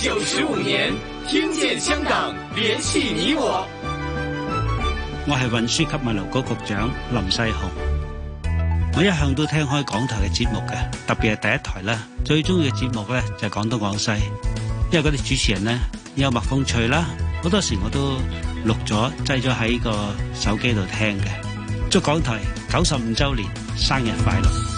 九十五年，聽見香港，聯繫你我。我係運輸及物流局局長林世雄。我一向都聽開港台嘅節目嘅，特別係第一台啦，最中意嘅節目咧就係廣東廣西，因為嗰啲主持人咧幽默風趣啦，好多時候我都錄咗，製咗喺個手機度聽嘅。祝港台九十五週年生日快樂！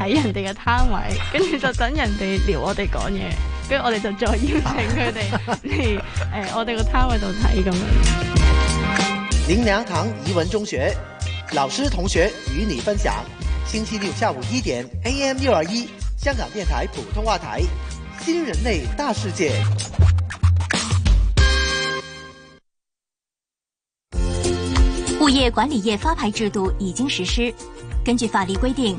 睇人哋嘅攤位，跟住就等人哋撩我哋講嘢，跟住 我哋就再邀請佢哋嚟誒我哋個攤位度睇咁樣。林良堂怡文中學老師同學與你分享，星期六下午一點，AM 六二一，香港電台普通話台，新人類大世界。物業管理業發牌制度已經實施，根據法律規定，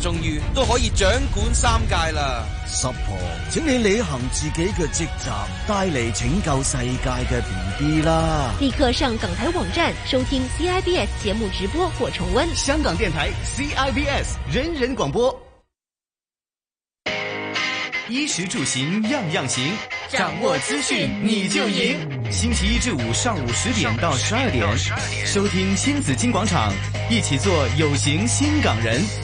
終於都可以掌管三界啦，十婆，請你履行自己嘅職責，帶嚟拯救世界嘅 BB 啦！立刻上港台網站收聽 CIBS 節目直播或重温。香港電台 CIBS 人人廣播，衣食住行樣樣行，掌握資訊你就贏。就贏星期一至五上午十點到十二點，點點收聽親子金廣場，一起做有型新港人。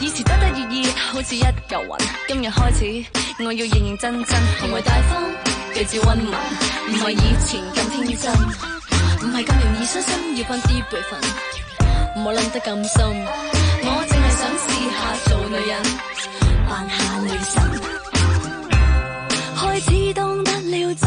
以前得得意意，好似一嚿雲。今日開始，我要認認真真，行為大方，舉止温文，唔係以前咁天真，唔係咁容易傷心，要翻啲輩份，唔好諗得咁深。我淨係想試下做女人，扮下女神，開始懂得了怎？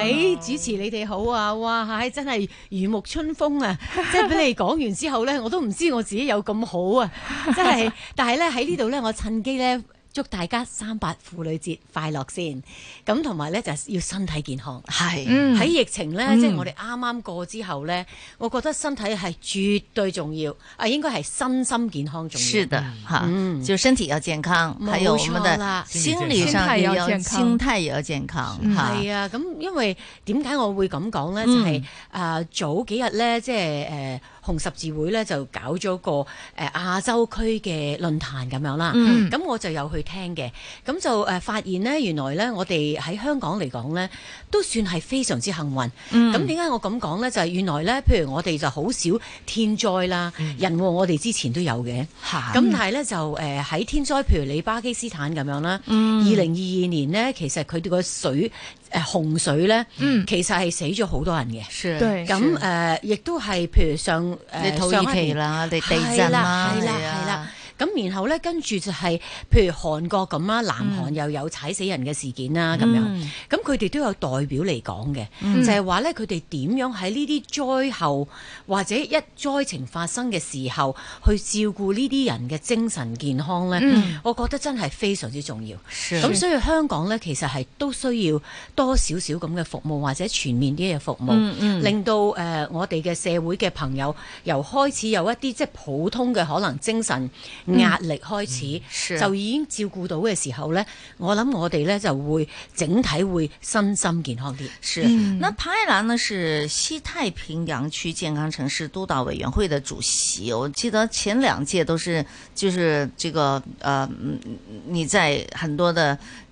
喂，哎、主持你哋好啊！哇，真係如沐春風啊！ 即係俾你哋講完之後呢，我都唔知我自己有咁好啊！真係， 但係呢，喺呢度呢，我趁機呢。祝大家三八婦女節快樂先，咁同埋咧就係、要身體健康。係是，喺、嗯、疫情咧，嗯、即係我哋啱啱過之後咧，我覺得身體係絕對重要。啊、呃，應該係身心健康重要。是的，嚇、嗯，嗯、就身體要健康，還有什麼的，心理上要健康，身體要健康。係啊，咁因為點解我會咁講咧？嗯、就係、是、啊、呃，早幾日咧，即係誒。呃紅十字會咧就搞咗個誒亞、呃、洲區嘅論壇咁樣啦，咁、嗯、我就有去聽嘅，咁就誒發現咧，原來咧我哋喺香港嚟講咧，都算係非常之幸運。咁點解我咁講咧？就係、是、原來咧，譬如我哋就好少天災啦，嗯、人禍我哋之前都有嘅，咁的但係咧就誒、呃、喺天災，譬如你巴基斯坦咁樣啦，二零二二年咧，其實佢哋個水。誒、呃、洪水咧，嗯、其實係死咗好多人嘅。咁誒，亦都係譬如上誒上土耳其啦，地面地震啦。咁然後咧，跟住就係、是，譬如韓國咁啦，南韓又有踩死人嘅事件啦，咁樣，咁佢哋都有代表嚟講嘅，嗯、就係話咧，佢哋點樣喺呢啲災後或者一災情發生嘅時候，去照顧呢啲人嘅精神健康咧？嗯、我覺得真係非常之重要。咁是所以香港咧，其實係都需要多少少咁嘅服務，或者全面啲嘅服務，嗯嗯、令到、呃、我哋嘅社會嘅朋友由開始有一啲即係普通嘅可能精神。嗯、壓力開始、嗯、就已經照顧到嘅時候呢，我諗我哋呢就會整體會身心健康啲。嗯，那龐愛蘭呢是西太平洋區健康城市督導委員會的主席，我記得前兩屆都是就是這個，呃，你在很多的。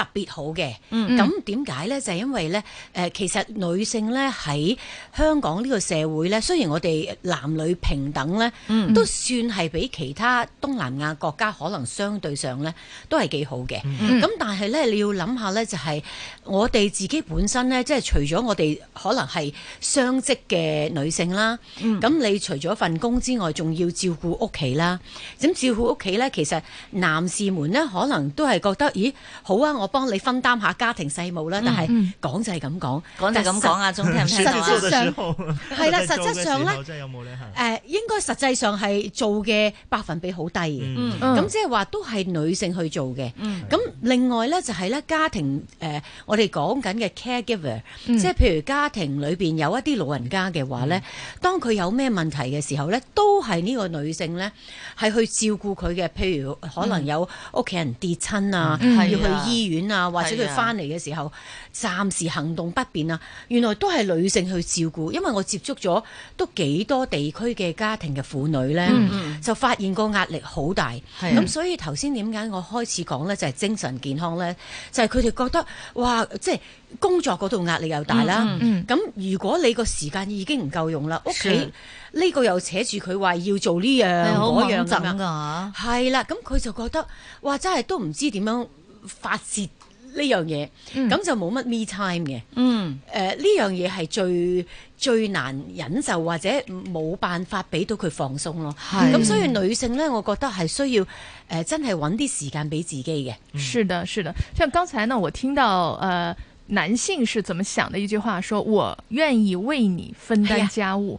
特別好嘅，咁點解呢？就係、是、因為呢，誒、呃，其實女性呢喺香港呢個社會呢，雖然我哋男女平等呢，嗯、都算係比其他東南亞國家可能相對上呢都係幾好嘅。咁、嗯、但係呢，你要諗下呢、就係，就係。我哋自己本身咧，即係除咗我哋可能係雙職嘅女性啦，咁、嗯、你除咗份工之外，仲要照顧屋企啦。咁照顧屋企咧，其實男士們咧，可能都係覺得，咦，好啊，我幫你分擔下家庭細務啦。嗯、但係講就係咁講，講、嗯、實就係咁講啊，總聽唔聽到啊？實質上係 上啦，實質上咧，誒、 呃、應該實際上係做嘅百分比好低嘅。咁、嗯嗯、即係話都係女性去做嘅。咁、嗯、另外咧就係、是、咧家庭誒。我、呃、哋。你哋講緊嘅 caregiver，即係譬如家庭裏邊有一啲老人家嘅話呢，當佢有咩問題嘅時候呢，都係呢個女性呢係去照顧佢嘅。譬如可能有屋企人跌親啊，要去醫院啊，或者佢翻嚟嘅時候暫時行動不便啊，原來都係女性去照顧。因為我接觸咗都幾多地區嘅家庭嘅婦女呢，就發現個壓力好大。咁所以頭先點解我開始講呢？就係、是、精神健康呢，就係佢哋覺得哇～即係工作嗰度壓力又大啦，咁、嗯嗯、如果你個時間已經唔夠用啦，屋企呢個又扯住佢話要做呢、這個、呢樣嗰樣咁啊，係啦，咁佢就覺得哇，真係都唔知點樣發泄。呢樣嘢咁、嗯、就冇乜 me time 嘅，誒呢、嗯呃、樣嘢係最最難忍受或者冇辦法俾到佢放鬆咯。咁、是的、所以女性咧，我覺得係需要誒、呃、真係揾啲時間俾自己嘅。是的，是的，像剛才呢，我聽到誒、呃、男性是怎麼想的一句話說，說我願意為你分擔家務。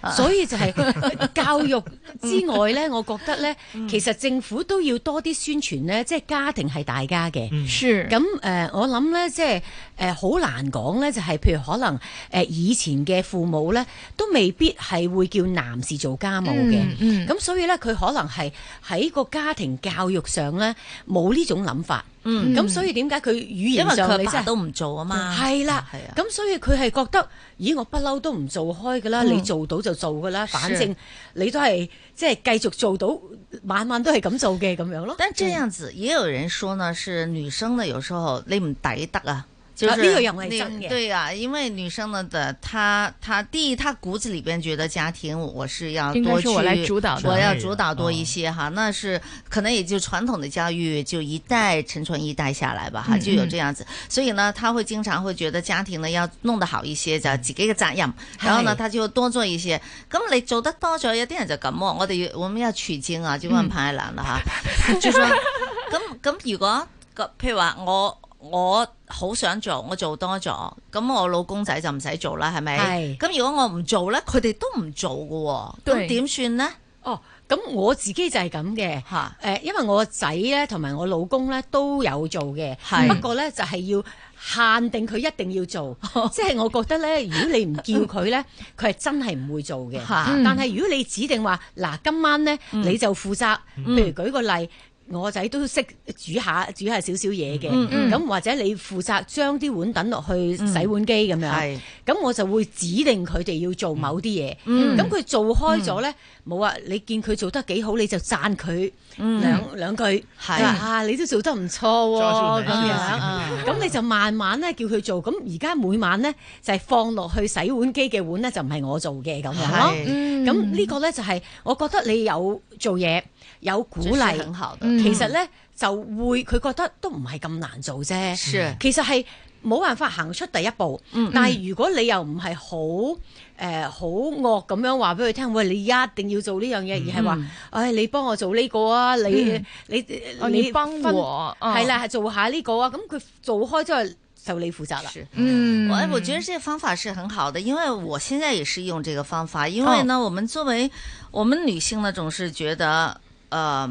所以就係教育之外咧， 我覺得咧，其實政府都要多啲宣傳咧，即係家庭係大家嘅。咁是、呃、我諗咧，即係誒好難講咧，就係譬如可能、呃、以前嘅父母咧，都未必係會叫男士做家務嘅。咁 所以咧，佢可能係喺個家庭教育上咧，冇呢種諗法。嗯，咁所以點解佢語言因為佢你真都唔做啊嘛？係啦、嗯，咁的的所以佢係覺得，咦，我不嬲都唔做開噶啦，嗯、你做到就做噶啦，反正你都係的即係繼續做到，晚晚都係咁做嘅咁樣咯。但係這樣子，嗯、也有人說呢，是女生呢，有時候你唔抵得啊。就是那個對啊，因為女生呢，的，她，她第一，她骨子裏邊覺得家庭我是要多去，我要主導多一些哈，那是可能也就傳統的教育就一代承傳一代下來吧哈，就有這樣子，所以呢，她會經常會覺得家庭呢要弄得好一些，就自己嘅責任，然後呢，她就多做一些。咁你做得多咗，有啲人就感冒，我哋我們要取經啊，就問龐愛蘭啦哈，就說，咁咁如果個譬如話我。我好想做，我做多咗，咁我老公仔就唔使做啦，係咪？咁是如果我唔做呢，佢哋都唔做喎。咁點算呢？哦，咁我自己就係咁嘅，哈因為我仔呢，同埋我老公呢，都有做嘅，是不過呢，就係要限定佢一定要做，即係 我覺得呢，如果你唔叫佢呢，佢係 真係唔會做嘅。哈但係如果你指定話，嗱，今晚呢，你就負責，譬、嗯、如舉個例。我仔都識煮下煮下少少嘢嘅，咁、嗯嗯、或者你負責將啲碗等落去洗碗機咁樣，咁、嗯、我就會指定佢哋要做某啲嘢，咁佢、嗯、做開咗、嗯、呢。冇啊！你見佢做得幾好，你就讚佢兩兩句，係啊！你都做得唔錯喎，咁樣咁你就慢慢咧叫佢做。咁而家每晚咧就係放落去洗碗機嘅碗咧就唔係我做嘅咁樣咯。咁呢個咧就係我覺得你有做嘢有鼓勵，其實咧就會佢覺得都唔係咁難做啫。其實係冇辦法行出第一步，但係如果你又唔係好。誒好惡咁樣話俾佢聽，喂，你一定要做呢樣嘢，嗯、而係話，誒、哎、你幫我做呢、這個啊，你、嗯、你你幫我係啦，係做下呢個啊，咁佢做開、這個嗯嗯、之後就你負責啦。嗯我，我覺得呢個方法是很好的，因為我現在也是用這個方法，因為呢，哦、我們作為我們女性呢，總是覺得，嗯、呃。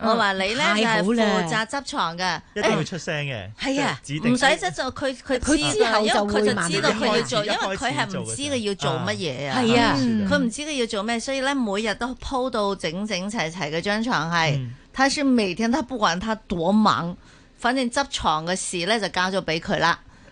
我話你咧、嗯、就係負責執床嘅，一定會出聲嘅，係、哎、啊，指定唔使執就佢佢之後佢就,就知道佢要做，因為佢係唔知佢要做乜嘢啊，係啊，佢唔、啊嗯、知佢要做咩，所以咧每日都鋪到整整齊齊嘅張床係，嗯、他說每天他不管他多猛，反正執床嘅事咧就交咗俾佢啦。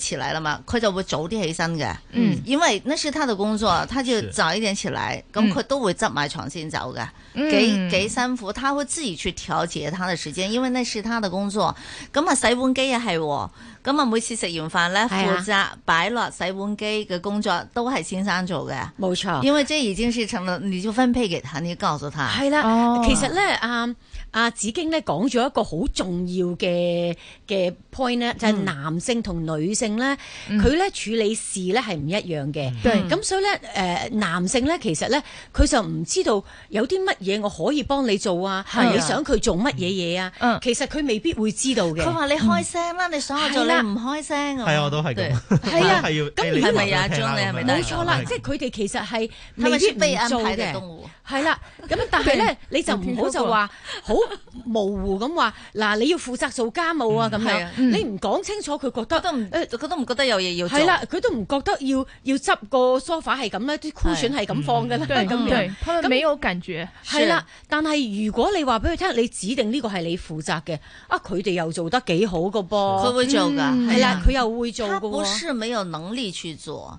起來啦嘛，佢就會早啲起身嘅，嗯、因為那是他的工作，他就早一點起來，咁佢是都會執埋床先走嘅，幾幾辛苦，他會自己去調節他的時間，因為那是他的工作。咁啊，洗碗機又係，咁啊每次食完飯咧，負責、哎、呀擺落洗碗機嘅工作都係先生做嘅，冇錯。因為即已經是成了，你就分配給他，你告訴他。係啦了，哦、其實咧啊。Um, 阿紫京咧講咗一個好重要嘅嘅 point 咧，就係男性同女性咧，佢咧處理事咧係唔一樣嘅。咁所以咧，誒男性咧，其實咧，佢就唔知道有啲乜嘢我可以幫你做啊，你想佢做乜嘢嘢啊？其實佢未必會知道嘅。佢話你開聲啦，你想我做，你唔開聲。係啊，我都係咁。係啊，咁係咪有一張咧？冇錯啦，即係佢哋其實係未必唔做嘅。係啦，咁 但係咧，你就唔好就話好模糊咁話，嗱 你要負責做家務啊咁樣。嗯、你唔講清楚，佢覺得誒，佢都唔覺得有嘢要做。係啦， 佢都唔覺得要要執個梳化 f 係咁咧，啲咕 𠱸 係咁放嘅啦，咁對樣咁尾我跟住。係啦， 但係如果你話俾佢聽，你指定呢個係你負責嘅，啊佢哋又做得幾好嘅噃，佢會，會做㗎，係啦， 佢又會做嘅。不是沒有能力去做。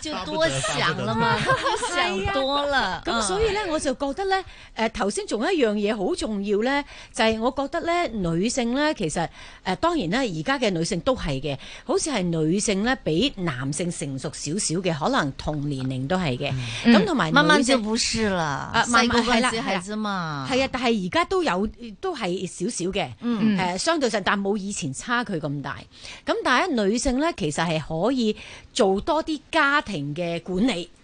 就多想啦嘛，想多啦。咁 所以咧， 我就覺得咧，誒頭先仲有一樣嘢好重要咧，就係、是、我覺得咧，女性咧其實誒、呃、當然咧，而家嘅女性都係嘅，好似係女性咧比男性成熟少少嘅，可能同年齡都係嘅。咁同埋慢慢就唔係啦，細個開始係啫嘛，係啊，但係而家都有都係少少嘅，誒、嗯呃、相對上，但冇以前差距咁大。咁但係咧，女性咧其實係可以做多啲家庭。嘅管理。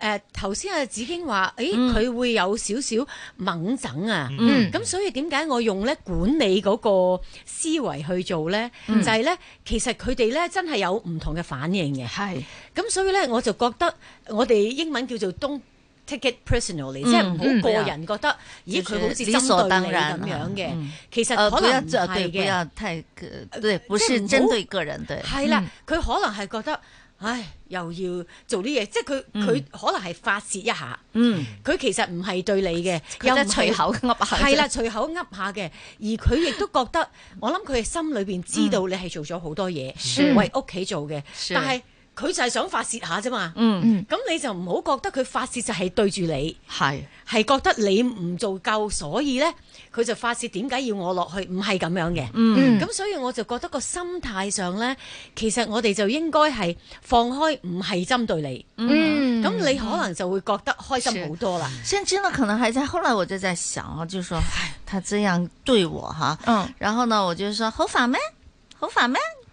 誒頭先阿子京話，誒佢會有少少掹整啊，咁、嗯、所以點解我用咧管理嗰個思維去做咧？嗯、就係咧，其實佢哋咧真係有唔同嘅反應嘅。係、嗯，咁所以咧，我就覺得我哋英文叫做 don't take it personally、嗯、即係唔好個人覺得，嗯、咦佢好似針對你咁樣嘅。嗯、其實可能唔係嘅，唔係、嗯呃，不是針對個人嘅。係啦，佢、嗯、可能係覺得。唉，又要做啲嘢，即係佢，佢可能係發洩一下，嗯，佢其實唔係對你嘅，有隨口噏下，係啦，隨口噏下嘅，而佢亦都覺得， 我諗佢係心裏邊知道你係做咗好多嘢，是為屋企做嘅，是但係。佢就係想發泄下啫嘛，嗯，嗯，咁你就唔好覺得佢發泄就係對住你，係是，係覺得你唔做夠，所以咧佢就發泄，點解要我落去，唔係咁樣嘅，嗯，咁所以我就覺得個心態上咧，其實我哋就應該係放開，唔係針對你，嗯，咁你可能就會覺得開心好多啦。先知呢，在真可能係，後來我就在想，我就說唉，他這樣對我哈，嗯唉，然後呢，我就說好煩咩？好煩咩？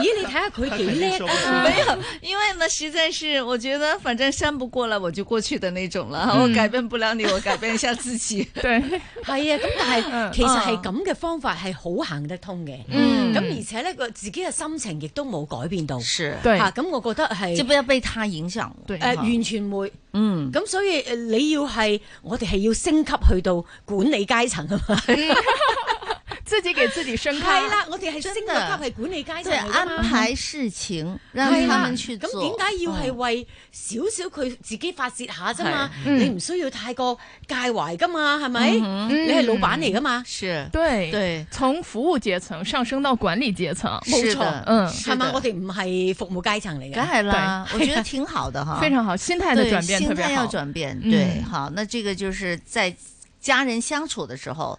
睇下，佢幾叻，沒有，啊、因為呢，實在是我覺得，反正刪不過來，我就過去的那種啦。嗯、我改變不了你，我改變一下自己。對，係啊，咁但係其實係咁嘅方法係好行得通嘅。嗯，咁而且咧個自己嘅心情亦都冇改變到。是、啊，對、啊。吓，咁我覺得係，只不過俾他影響。誒、呃，完全會。嗯。咁所以你要係我哋係要升級去到管理階層啊嘛。 自己給自己升級，係啦，我哋係升一級係管理階層，安排事情，讓他們去做。咁點解要係為少少佢自己發泄下啫嘛？你唔需要太過介懷噶嘛？係咪？你係老闆嚟噶嘛？是對對，從服務階層上升到管理階層，冇錯，嗯，係嘛？我哋唔係服務階層嚟噶，梗係啦。我覺得挺好的哈，非常好，心態的轉變特別好。心態要轉變，對，好，那這個就是在家人相處的時候。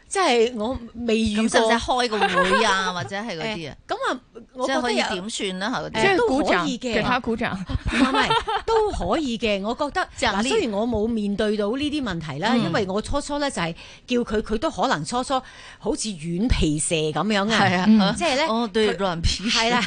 即係我未遇過開個會啊，或者係嗰啲啊。咁啊，我覺得點算咧？即係都可以嘅。其他鼓掌，唔係都可以嘅。我覺得，雖然我冇面對到呢啲問題啦，因為我初初咧就係叫佢，佢都可能初初好似軟皮蛇咁樣嘅。係啊，即係咧，哦，對，軟皮蛇。係啦，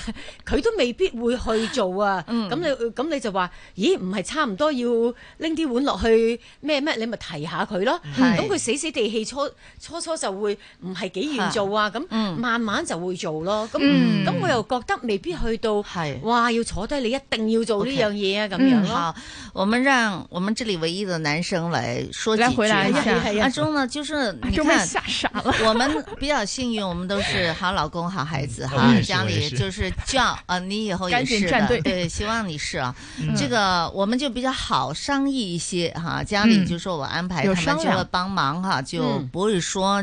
佢都未必會去做啊。咁你咁你就話：咦，唔係差唔多要拎啲碗落去咩咩？你咪提下佢咯。咁佢死死地氣初初初。就會唔係幾願做啊，咁慢慢就會做咯。咁咁我又覺得未必去到係哇要坐低，你一定要做呢樣嘢咁樣。好，我們讓我們這裡唯一的男生來說幾句。來，回來一下。阿鍾呢，就是你看，我們比較幸運，我們都是好老公、好孩子，哈。家裡就是叫啊，你以後也是的，對，希望你是啊。這個我們就比較好商議一些，哈。家裡就說我安排，他們就會幫忙，哈，就不會說。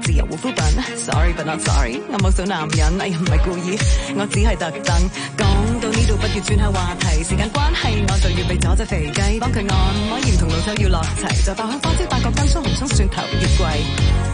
自由護膚品，sorry but not sorry，我冇想男人，我唔係故意，我只係特登。講到呢度，不如轉下話題，時間關係，我就要被左隻肥雞幫佢按摩，鹽同老抽要落齊，就爆香花椒、八角、金葱、紅葱、蒜頭、月桂。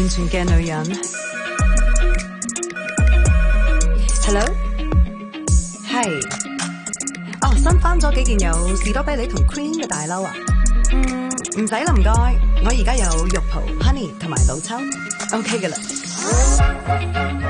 完全嘅女人。Hello，係，哦，新翻咗幾件有士多啤梨同 Queen 嘅大褸啊，嗯，唔使啦，唔該，我而家有肉蒲 honey 同埋老抽，OK 噶啦。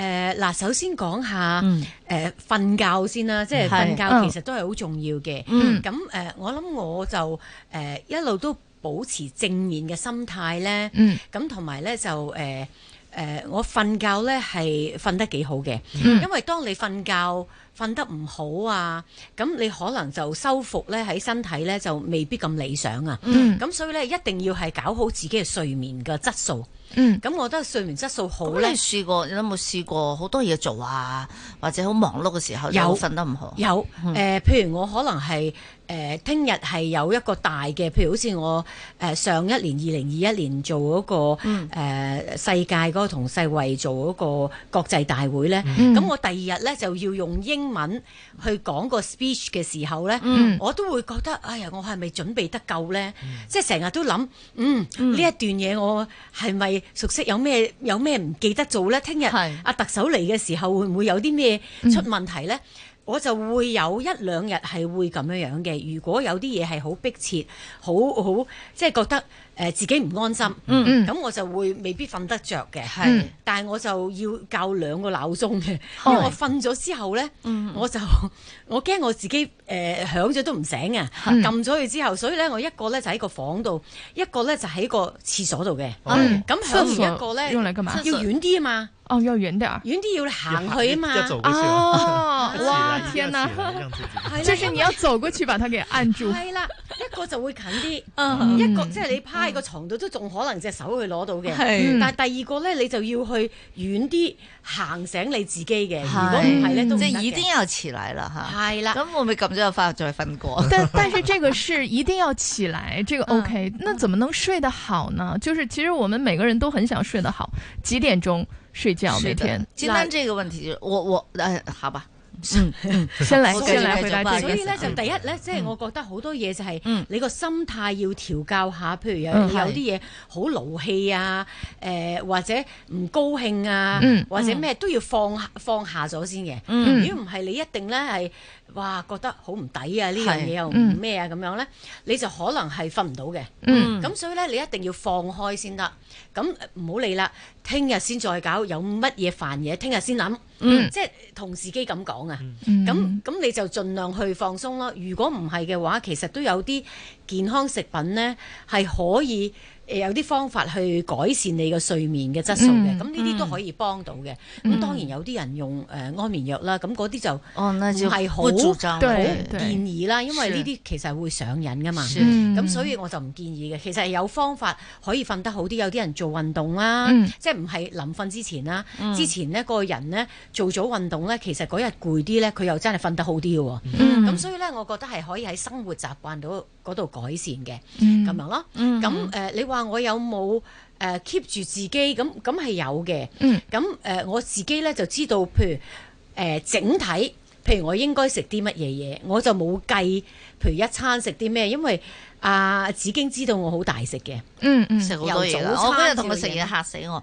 誒嗱、呃，首先講下誒瞓、嗯呃、覺先啦，即係瞓覺其實都係好重要嘅。咁誒、哦嗯呃，我諗我就誒、呃、一路都保持正面嘅心態咧。咁同埋咧就誒誒、呃呃，我瞓覺咧係瞓得幾好嘅，嗯、因為當你瞓覺瞓得唔好啊，咁你可能就修復咧喺身體咧就未必咁理想啊。咁、嗯、所以咧一定要係搞好自己嘅睡眠嘅質素。嗯，咁我覺得睡眠質素好咧。試過，你有冇試過好多嘢做啊，或者好忙碌嘅時候有瞓得唔好？有誒、嗯呃、譬如我可能係誒聽日係有一個大嘅，譬如好似我誒上一年二零二一年做嗰、那個誒、嗯呃、世界個同世衛做嗰個國際大會咧，咁、嗯、我第二日咧就要用英文去講個 speech 嘅時候咧，嗯、我都會覺得哎呀，我係咪準備得夠咧？即係成日都諗，嗯，呢一段嘢我係咪？熟悉，有咩有咩唔記得做呢？聽日阿特首嚟嘅時候，會唔會有啲咩出問題呢？嗯、我就會有一兩日係會咁樣樣嘅。如果有啲嘢係好迫切，好好即係覺得。誒自己唔安心，咁我就會未必瞓得着嘅。但係我就要較兩個鬧鐘嘅，因為我瞓咗之後咧，我就我驚我自己誒響咗都唔醒啊，撳咗佢之後，所以咧我一個咧就喺個房度，一個咧就喺個廁所度嘅，咁響完一個咧要遠啲啊嘛。哦，要遠點兒，遠啲要行去嘛，就哦，天哪，就是你要走過去把它給按住。是啦，一個就會近啲，一個即係你趴喺個床度都仲可能隻手去攞到嘅，但係第二個咧，你就要去遠啲行醒你自己嘅。如果唔係咧，都即係一定要起嚟啦，吓。係啦，咁我咪撳咗再瞓過？但但是這個是一定要起嚟！這個 OK。那怎麼能睡得好呢？就是其實我們每個人都很想睡得好。幾點鐘？睡覺每天接翻這個問題，我我誒，好吧，先來先來回答。所以咧就第一咧，即係我覺得好多嘢就係，你個心態要調教下。譬如有有啲嘢好勞氣啊，誒或者唔高興啊，或者咩都要放下放下咗先嘅。如果唔係，你一定咧係。哇，覺得好唔抵啊！呢、嗯、樣嘢又咩啊，咁樣呢，你就可能係瞓唔到嘅。咁、嗯、所以呢，你一定要放開先得。咁唔好理啦，聽日先再搞。有乜嘢煩嘢，聽日先諗。嗯、即係同自己咁講啊。咁咁、嗯、你就盡量去放鬆咯。如果唔係嘅話，其實都有啲健康食品呢，係可以，有啲方法去改善你嘅睡眠嘅質素嘅，咁呢啲都可以幫到嘅。咁、嗯、當然有啲人用誒、呃、安眠藥啦，咁嗰啲就唔係好建議啦，因為呢啲其實會上癮噶嘛。咁是、嗯、所以我就唔建議嘅。其實有方法可以瞓得好啲，有啲人做運動啦，嗯、即係唔係臨瞓之前啦，嗯、之前呢個人呢，做早運動呢，其實嗰日攰啲呢，佢又真係瞓得好啲嘅、啊。咁、嗯嗯、所以呢，我覺得係可以喺生活習慣度。嗰度改善嘅咁樣咯，咁、呃、誒你話我有冇誒 keep 住自己咁，咁係有嘅，咁誒、嗯呃、我自己咧就知道，譬如誒、呃、整體，譬如我應該食啲乜嘢嘢，我就冇計，譬如一餐食啲咩，因為阿、呃、紫荊知道我好大食嘅、嗯，嗯早餐嗯，食好多，我同佢食嘢嚇死我。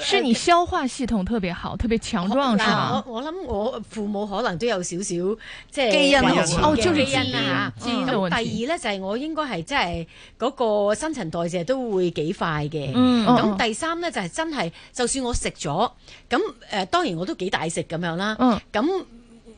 是你消化系統特別好，特別強壯，是嘛？我我諗我父母可能都有少少即係基因問題哦，因啦。咁第二呢，就係我應該係即係嗰個新陳代謝都會幾快嘅。咁第三呢，就係真係，就算我食咗咁誒，當然我都幾大食咁樣啦。咁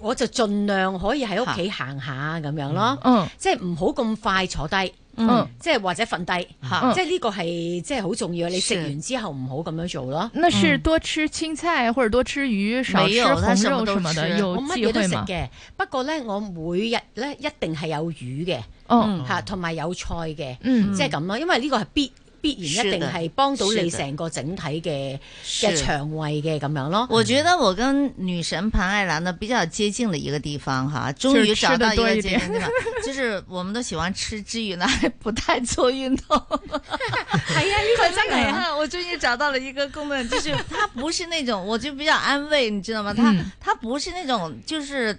我就盡量可以喺屋企行下咁樣咯。即係唔好咁快坐低。嗯，即係、嗯、或者瞓低吓，嗯、即係呢個係即係好重要。是你食完之後唔好咁樣做咯。那是多吃青菜、嗯、或者多吃魚，少吃紅肉。我乜嘢都食嘅，不過咧我每日咧一定係有魚嘅，吓同埋有菜嘅，嗯、即係咁咯。因為呢個係必。必然一定係幫到你成個整體嘅嘅腸胃嘅咁樣咯。我覺得我跟女神龐愛蘭呢比較接近嘅一個地方哈，終、啊、於找到一個接近嘅地方就是，就是我們都喜歡吃之餘呢， 不太做運動。哎 呀，好正啊！我終於找到了一個功能，就是他不是那種，我就比較安慰，你知道嗎？他他、嗯、不是那種，就是。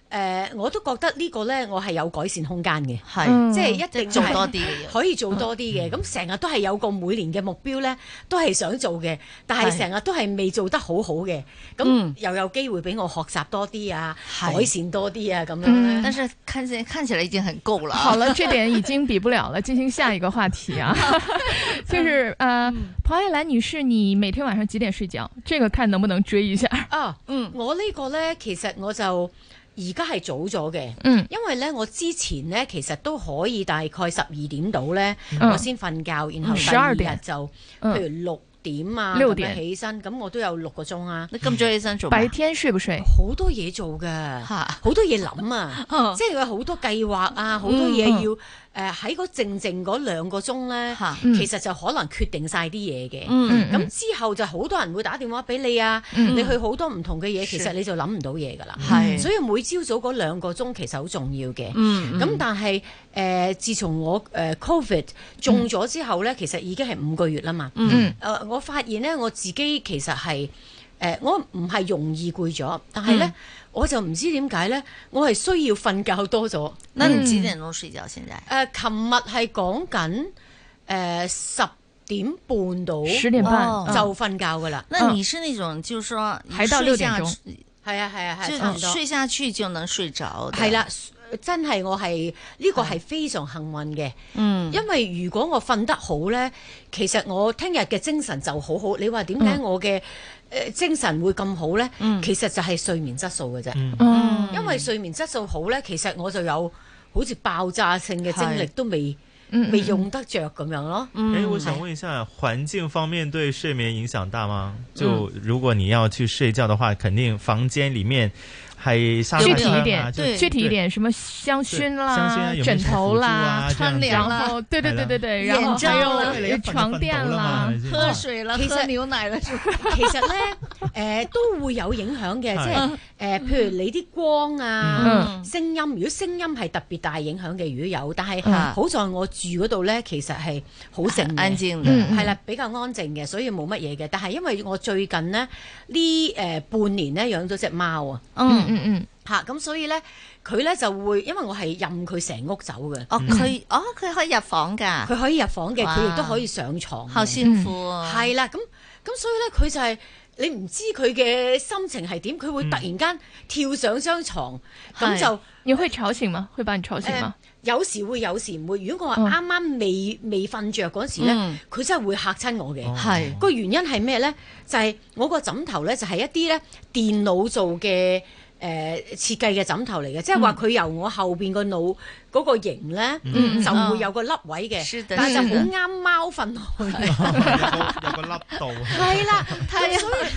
誒、呃，我都覺得這個呢個咧，我係有改善空間嘅，係是即係一定做多啲，可以做多啲嘅。咁成日都係有個每年嘅目標咧，都係想做嘅，但係成日都係未做得好好嘅。咁是又有機會俾我學習多啲啊，是改善多啲啊，咁樣咧、嗯。但是看起看起來已經很夠了。好了，這點已經比不了了，進 行下一個話題啊。 就是誒，龐愛蘭女士，你每天晚上幾點睡覺？這個看能不能追一下。啊，嗯，我這個呢個咧，其實我就。而家係早咗嘅，因為咧我之前咧其實都可以大概十二點到咧，我先瞓覺，然後第二日就譬如六點啊六點起身，咁我都有六個鐘啊。你今早起身做咩？白天睡不睡？好多嘢做噶，好多嘢諗啊，即係有好多計劃啊，好多嘢要。誒喺嗰靜靜嗰兩個鐘呢，是其實就可能決定晒啲嘢嘅。咁、嗯、之後就好多人會打電話俾你啊，嗯、你去好多唔同嘅嘢，是其實你就諗唔到嘢噶啦。是所以每朝早嗰兩個鐘其實好重要嘅。咁、嗯、但係、呃、自從我、呃、COVID 中咗之後咧，嗯、其實已經係五個月啦嘛、嗯呃。我發現咧，我自己其實係、呃、我唔係容易攰咗，但係咧。嗯我就唔知點解咧，我係需要瞓覺多咗、嗯。那你幾點鐘睡着先？在誒、呃，琴日係講緊誒十點半到，十點半就瞓覺噶啦、哦。那你是那種就是說，睡下，係啊係啊，就睡，睡下去就能睡着。係、嗯、啦，真係我係呢、呢個係非常幸運嘅。嗯好，因為如果我瞓得好咧，其實我聽日嘅精神就好好。你話點解我嘅？嗯精神會咁好呢，嗯、其實就係睡眠質素嘅啫。嗯、因為睡眠質素好呢，其實我就有好似爆炸性嘅精力都未未是用得着咁樣咯、嗯是欸。我想問一下，環境方面對睡眠影響大嗎？就如果你要去睡覺的話，嗯、肯定房間裏面。係具體一點，具體一點，什麼香薰啦、枕頭啦、眼罩啦，對對對對對，然後還有床墊啦、喝水啦、喝牛奶啦，其實咧誒都會有影響嘅，即係誒譬如你啲光啊、聲音，如果聲音係特別大影響嘅，如果有，但係好在我住嗰度咧，其實係好靜，係啦，比較安靜嘅，所以冇乜嘢嘅。但係因為我最近呢，呢誒半年咧養咗隻貓啊，嗯。嗯嗯，吓咁、啊、所以咧，佢咧就會因為我係任佢成屋走嘅。哦，佢、嗯、哦，佢可以入房噶，佢可以入房嘅，佢亦都可以上床。好辛苦呀，係啦、嗯，咁咁所以咧，佢就係、是、你唔知佢嘅心情係點，佢會突然間跳上張床，咁、嗯、就要去吵醒嗎？去把你吵醒、呃、有時會，有時唔會。如果佢話啱啱未未瞓着嗰時咧，佢、嗯、真係會嚇親我嘅。係、哦、個原因係咩咧？就係、是、我個枕頭咧，就係一啲咧電腦做嘅。誒、呃、設計嘅枕頭嚟嘅，即係話佢由我後邊個腦嗰個型咧，嗯、就會有個凹位嘅，嗯嗯、但係就好啱貓瞓落去， 有個凹度。係 啦， 所以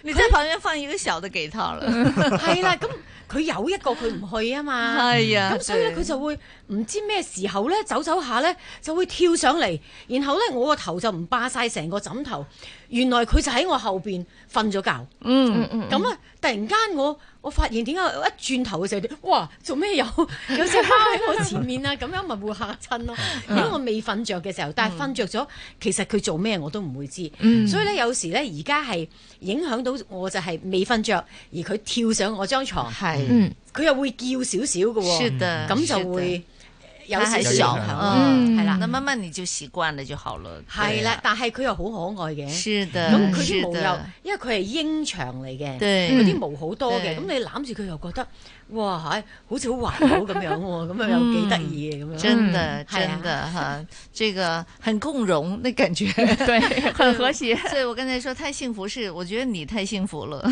你真係放一個小嘅幾套啦。係啦，咁佢有一個佢唔去啊嘛。係啊的，咁所以咧佢就會唔知咩時候咧走走下咧就會跳上嚟，然後咧我個頭就唔霸晒成個枕頭。原來佢就喺我後邊瞓咗覺，嗯嗯嗯，咁啊樣，嗯、突然間我我發現點解一轉頭嘅時候，哇，做咩有有隻貓喺我前面啊？咁 樣咪會嚇親咯。如果我未瞓着嘅時候，但係瞓着咗，嗯、其實佢做咩我都唔會知。嗯、所以咧，有時咧，而家係影響到我就係未瞓着，而佢跳上我張床，嗯是，佢又會叫少少㗎喎，咁的就會。有時嗯，係啦、嗯，咁慢慢你就習慣，你就好了。係啦、啊，但係佢又好可愛嘅。係咁佢啲毛又，的因為佢係英長嚟嘅，佢啲對毛好多嘅，咁對你攬住佢又覺得。哇，係好似好環保咁樣喎，咁樣有幾得意嘅咁樣。真的，真的嚇，這個很共融，那感覺，對，很和諧，所以我剛才說太幸福，是，我覺得你太幸福了。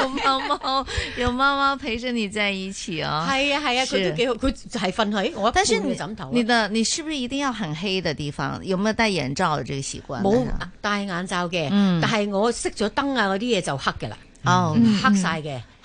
有貓貓，有貓貓陪着你在一起哦。係啊，係啊，佢都幾好，佢係瞓喺我一，但是你枕頭，你的你是不是一定要很黑的地方？有冇戴眼罩嘅這個習慣？冇戴眼罩嘅，但係我熄咗燈啊，嗰啲嘢就黑嘅啦，哦，黑曬嘅。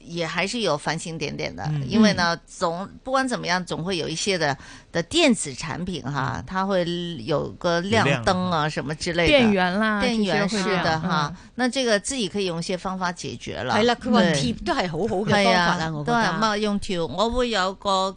也還是有繁星點點的，嗯、因為呢，總不管怎麼樣，總會有一些的的電子產品哈，它會有個亮燈啊什麼之類的電源啦，電源是的哈，那這個自己可以用一些方法解決了。係啦、啊，佢個貼都係好好嘅方法啦，我覺得。咁啊，用條我會有個。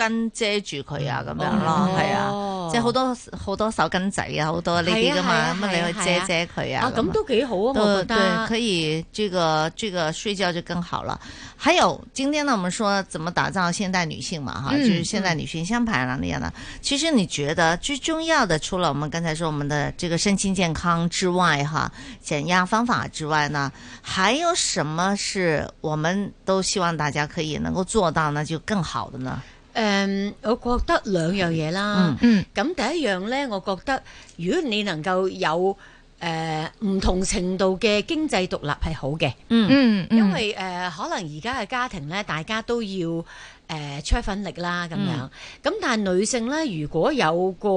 跟遮住佢啊，咁樣咯，係啊，即係好多好多手巾仔啊，好多呢啲噶嘛，咁你去遮遮佢啊，咁都幾好啊，對對，可以，這個這個睡覺就更好了。還有，今天呢，我們說怎麼打造現代女性嘛，哈，就是現代女性像龐愛蘭那樣。其實你覺得最重要的，除了我們剛才說我們的這個身心健康之外，哈，減壓方法之外呢，還有什麼是我們都希望大家可以能夠做到，那就更好的呢？誒，um, 我覺得兩樣嘢啦嗯。嗯。咁第一樣呢，我覺得如果你能夠有誒唔、呃、同程度嘅經濟獨立係好嘅、嗯。嗯嗯。因為誒、呃，可能而家嘅家庭呢，大家都要誒、呃、出份力啦，咁樣。咁、嗯、但係女性呢，如果有個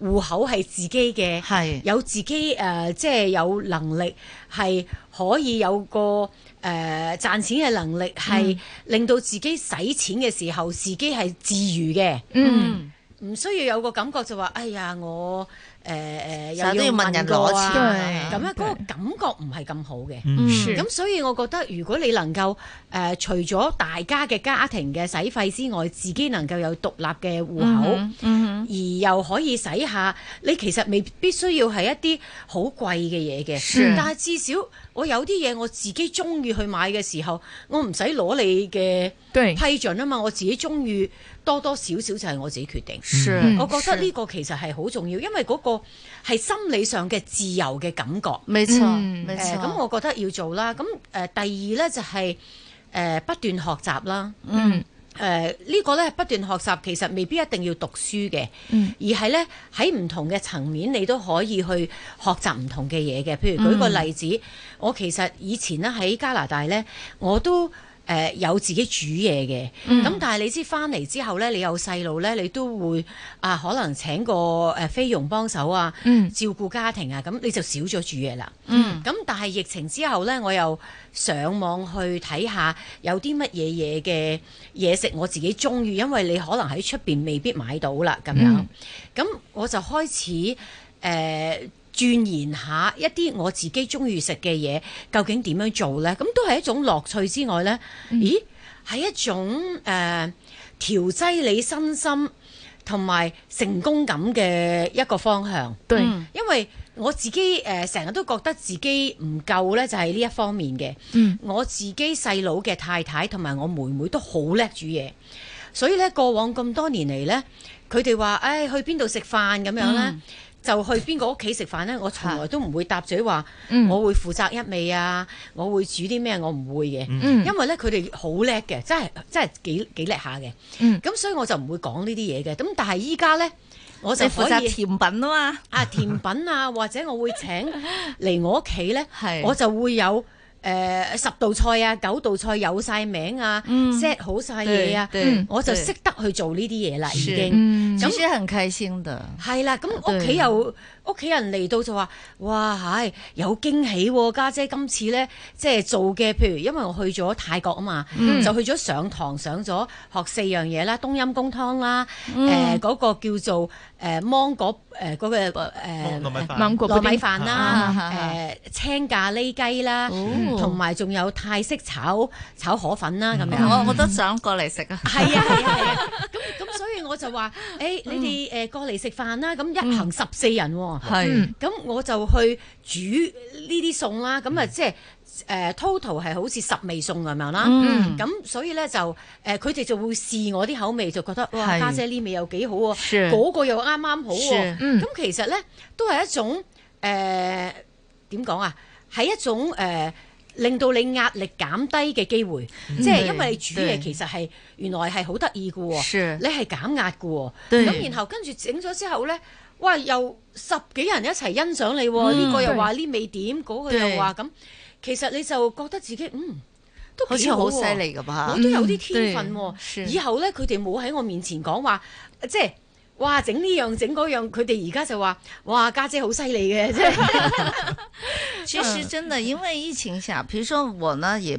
戶口係自己嘅，係是有自己誒，即、呃、係、就是、有能力係可以有個。誒，賺、呃、錢嘅能力係令到自己使錢嘅時候，自己係自如嘅，嗯，唔需要有個感覺就話，哎呀，我誒誒，呃要，問啊、都要問人攞錢咁樣，嗰個感覺唔係咁好嘅，咁、嗯、所以我覺得如果你能夠，呃、除咗大家嘅家庭嘅使費之外，自己能夠有獨立嘅戶口，嗯嗯、而又可以使下，你其實未必需要係一啲好貴嘅嘢嘅，嗯、但至少。我有啲嘢我自己中意去買嘅時候，我唔使攞你嘅批准啊嘛，對我自己中意多多少少就係我自己決定。是我覺得呢個其實係好重要，是因為嗰個係心理上嘅自由嘅感覺。冇錯錯咁、嗯呃、我覺得要做啦。咁、呃、第二呢、就係，就、呃、係不斷學習啦。嗯。誒、呃這個、呢個咧不斷學習，其實未必一定要讀書嘅，嗯、而係咧喺唔同嘅層面，你都可以去學習唔同嘅嘢嘅。譬如舉個例子，嗯、我其實以前咧喺加拿大咧，我都。誒、呃、有自己煮嘢嘅，咁、嗯、但係你知翻嚟之後呢，你有細路呢，你都會啊，可能請個誒菲傭幫手啊，嗯、照顧家庭啊，咁你就少咗煮嘢啦。咁、嗯、但係疫情之後呢，我又上網去睇下有啲乜嘢嘢嘅嘢食我自己中意，因為你可能喺出邊未必買到啦，咁、嗯、樣，咁我就開始誒。呃鑽研下一啲我自己中意食嘅嘢，究竟點樣做呢？咁都係一種樂趣之外呢，嗯、咦？係一種誒、呃、調劑你身心同埋成功感嘅一個方向。對，嗯、因為我自己誒成日都覺得自己唔夠呢，就係呢一方面嘅。嗯、我自己細佬嘅太太同埋我妹妹都好叻煮嘢，所以呢，過往咁多年嚟呢，佢哋話，誒、哎、去邊度食飯咁樣呢。嗯就去邊個屋企食飯呢？我從來都唔會搭嘴話，我會負責一味啊，嗯、我會煮啲咩？我唔會嘅，嗯、因為呢，佢哋好叻嘅，真係真係幾幾叻下嘅。咁、嗯、所以我就唔會講呢啲嘢嘅。咁但係依家呢，我就可以負責甜品啊嘛。啊，甜品啊，或者我會請嚟我屋企呢， 我就會有。誒、呃，十道菜啊，九道菜有晒名啊，set、嗯、好晒嘢啊，我就識得去做呢啲嘢啦，是已經咁、嗯、那好開心嘅係啦，咁屋企又。屋企人嚟到就話：哇！唉、哎、有驚喜喎，啊，家姐，姐今次咧，即係做嘅，譬如因為我去咗泰國啊嘛，嗯、就去咗上堂上咗學四樣嘢啦，冬陰公湯啦，嗰、嗯呃嗰個叫做芒果嗰、呃嗰個芒果糯米飯啦，誒青咖喱雞啦，啊，同埋仲有泰式炒炒河粉啦，啊、咁、嗯、樣。我我都想過嚟食啊！係啊係啊係啊！咁咁、啊啊、 所以我就話：誒、欸、你哋誒過嚟食飯啦，啊，咁一行十四人，啊。係，咁我就去煮呢啲餸啦，咁啊即係誒，total 係好似十味餸咁樣啦。咁所以咧就誒，佢哋就會試我啲口味，就覺得哇，家姐呢味又幾好，嗰個又啱啱好。咁其實咧都係一種誒，點講啊？係一種誒，令到你壓力減低嘅機會。即係因為你煮嘢其實係原來係好得意㗎，你係減壓㗎。咁然後跟住整咗之後咧。哇！又十幾人一齊欣賞你喎，呢、嗯、個又話呢未點，嗰對、嗰個又話咁對。其實你就覺得自己嗯都好似好犀利㗎嘛？我都有啲天分喎。嗯、以後咧，佢哋冇喺我面前講話、啊，即係哇，整呢樣整嗰樣。佢哋而家就話：哇，家姐好犀利嘅。 其實真係，因為疫情下，譬如說我呢也。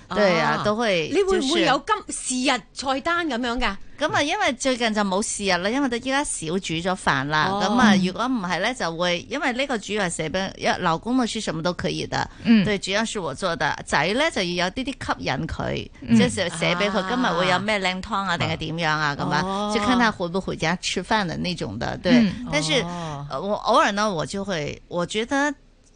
對啊，都會。你會唔會有今時日菜單咁樣噶？咁啊，因為最近就冇時日啦，因為都依家少煮咗飯啦。咁啊，如果唔係咧，就會因為呢個主要係寫俾老公老師什麼都可以的。嗯，對，主要是我做嘅仔咧，就要有啲啲吸引佢，即係寫俾佢今日會有咩靚湯啊，定係點樣啊咁啊，就看他回不回家吃飯的那種的，對。但是我偶然呢，我就會，我覺得。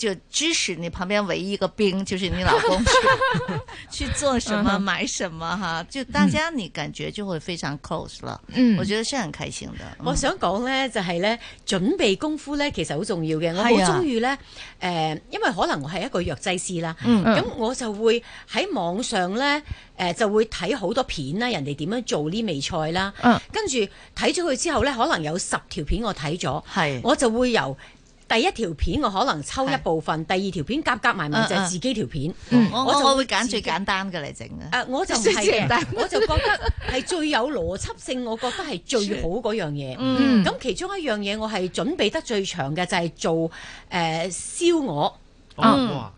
就支持你旁邊唯一一個兵，就是你老公去， 去做什麼 買什麼哈，uh huh. 就大家你感覺就會非常 close 了嗯，uh huh. 我覺得是很開心的。我想講呢，就係、是、呢準備功夫呢，其實好重要嘅。我好中意呢，誒是、啊呃，因為可能我係一個藥劑師啦，咁、嗯嗯、我就會喺網上呢，誒、呃、就會睇好多片啦，人哋點樣做呢味菜啦，嗯嗯，跟住睇咗佢之後呢，可能有十條片我睇咗，係，是 我就會由。第一條片我可能抽一部分，第二條片夾夾埋埋就係自己條片，我就會揀最簡單嘅嚟整啊！誒，我就唔係，我就覺得係最有邏輯性，我覺得係最好嗰樣嘢。咁其中一樣嘢，我係準備得最長嘅就係做誒燒鵝。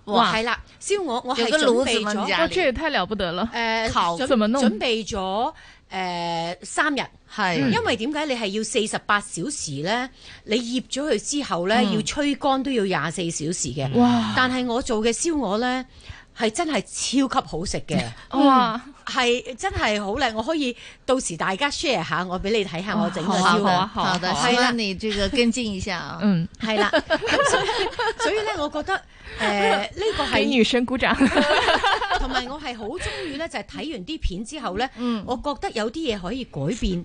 哇，係啦，燒鵝我係準備咗，這也太了不得了！誒，頭準備咗。誒、呃、三日係，是嗯、因為點解你係要四十八小時咧？你醃咗佢之後咧，嗯、要吹乾都要廿四小時嘅。哇！但係我做嘅燒鵝咧，係真係超級好食嘅，哇、嗯！係真係好靚，我可以到時大家 share 下，我俾你睇下我整嘅超好，好的，係啦，你這個跟進一下啊，嗯，係啦，所以咧，所以我覺得誒呢個係女神鼓掌，同埋、呃、我係好中意咧，就係睇完啲片之後咧，嗯、我覺得有啲嘢可以改變。